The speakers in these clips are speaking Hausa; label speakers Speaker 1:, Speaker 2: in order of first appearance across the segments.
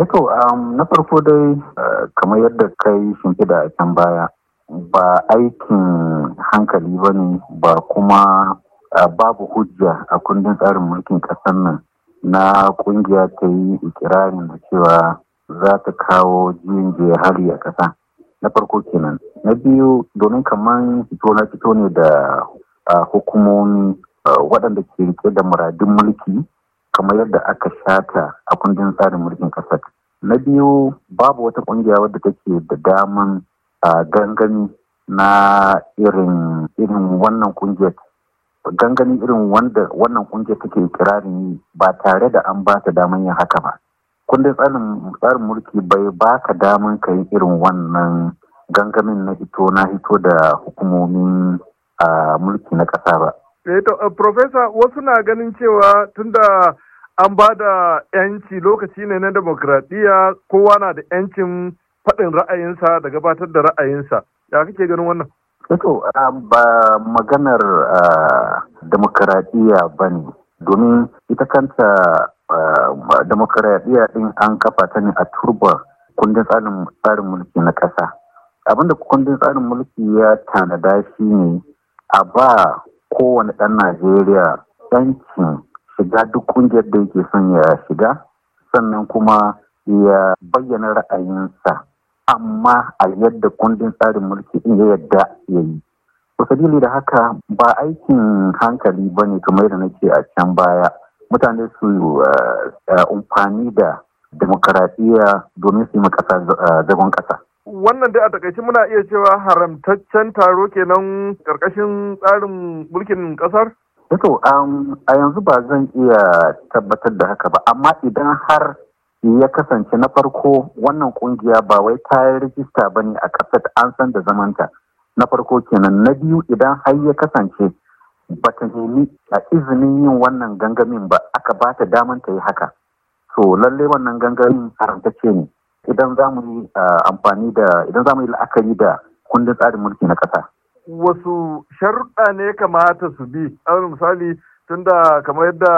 Speaker 1: Eto, eh um, na farko dai eh, kamar yadda kai shimfiɗa a can baya, ba aikin hankali ba ne ba kuma eh, babu hujja a kundin tsarin mulkin ƙasar nan na ƙungiya ta yi ikirarin da cewa za ta kawo juyin hali a ƙasa. Na farko kenan. Na biyu domin kamar fito na fito ne da hukumomi waɗanda ke rike da muradin mulki kamar yadda aka shata a kundin tsarin mulkin kasar na biyu babu wata kungiya wadda take da daman gangami na irin irin wannan kungiyar gangani irin wanda wannan kungiyar take kirarin yi ba tare da an ba ta daman yin haka ba kundin tsarin tsarin mulki bai ba ka daman ka yi irin wannan gangamin na hito na hito da hukumomin mulki na ƙasa ba.
Speaker 2: Eh to, eh, Profesa, wasu na ganin cewa tunda an ba da 'yanci lokaci ne na demokradiyya kowa na da 'yancin faɗin ra'ayinsa da gabatar da ra'ayinsa ya kake ganin wannan
Speaker 1: to um, ba maganar uh, demokradiyya ba ne domin ita kanta uh, demokradiyya ɗin an kafa ta ne a turba kundin tsarin mulki na ƙasa abinda kundin tsarin mulki ya tanada shi ne a ba kowane ɗan najeriya 'yancin shiga duk kungiyar da yake son ya shiga sannan kuma ya bayyana ra'ayinsa amma a yadda kundin tsarin mulki in ya yadda ya yi dalili da haka ba aikin hankali ba ne kamar yadda nake a can baya mutane su eh, eh, amfani da demokaradiyya domin su yi makasa eh, zagon ƙasa.
Speaker 2: wannan dai a takaice muna iya cewa haramtaccen taro kenan ƙarƙashin tsarin mulkin ƙasar. Eh to
Speaker 1: um, a yanzu ba zan iya tabbatar da haka ba, amma idan har ya kasance na farko wannan kungiya ba wai ta yi rijista ba ne a kasar an san da zamanta. Na farko kenan na biyu idan har ya kasance ba ta nemi a izinin yin wannan gangamin ba aka ba ta daman ta yi haka. to lalle wannan gangamin haramtacce ne idan za mu yi uh, amfani da idan za mu yi la'akari da kundin tsarin mulki na ƙasa.
Speaker 2: wasu sharuɗa ne kamata su bi wani misali tunda kamar yadda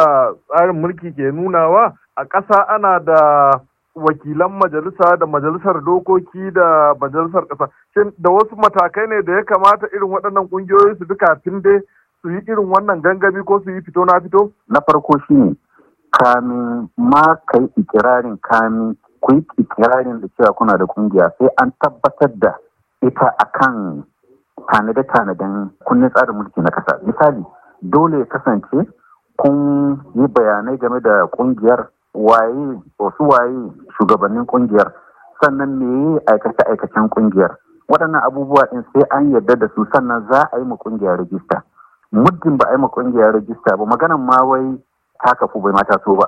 Speaker 2: tsarin mulki ke nunawa a ƙasa ana da wakilan majalisa da majalisar dokoki da majalisar ƙasa shin da wasu matakai ne da ya kamata irin waɗannan ƙungiyoyi su bi kafin dai su yi irin wannan gangami ko su yi fito na fito
Speaker 1: na farko shine kamin ma kai ikirarin kamin ku yi ikirarin da cewa kuna da kungiya sai an tabbatar da ita akan tanade-tanaden kunnen tsarin mulki na kasa misali dole ya kasance kun yi bayanai game da ƙungiyar waye wasu waye shugabannin ƙungiyar sannan me aikace-aikacen ƙungiyar waɗannan abubuwa in sai an yarda da su sannan za a yi ma ƙungiyar rajista muddin ba a yi ma kungiyar rajista ba maganan ma wai ta kafu bai mata so ba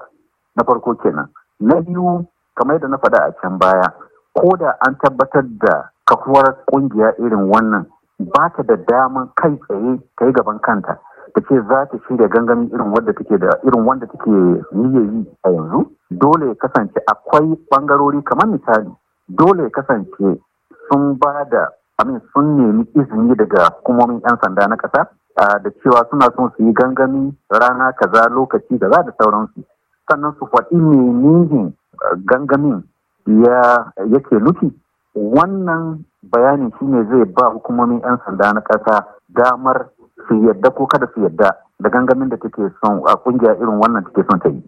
Speaker 1: na farko kenan na biyu kamar yadda na faɗa a can baya ko da an tabbatar da kafuwar ƙungiya irin wannan ba ta da daman kai tsaye ta yi gaban kanta ta ce za ta shirya gangamin irin wanda take da irin wanda take yi a yanzu dole ya kasance akwai bangarori kamar misali dole ya kasance sun ba da amin sun nemi izini daga hukumomin 'yan sanda na ƙasa da cewa suna son su yi gangami rana kaza lokaci za da sauransu sannan su faɗi menene eh, gangamin ya yake nufi wannan bayanin shine zai ba hukumomin 'yan sanda na ƙasa damar su yadda ko kada su yadda da gangamin da take son a kungiya irin wannan take son ta yi.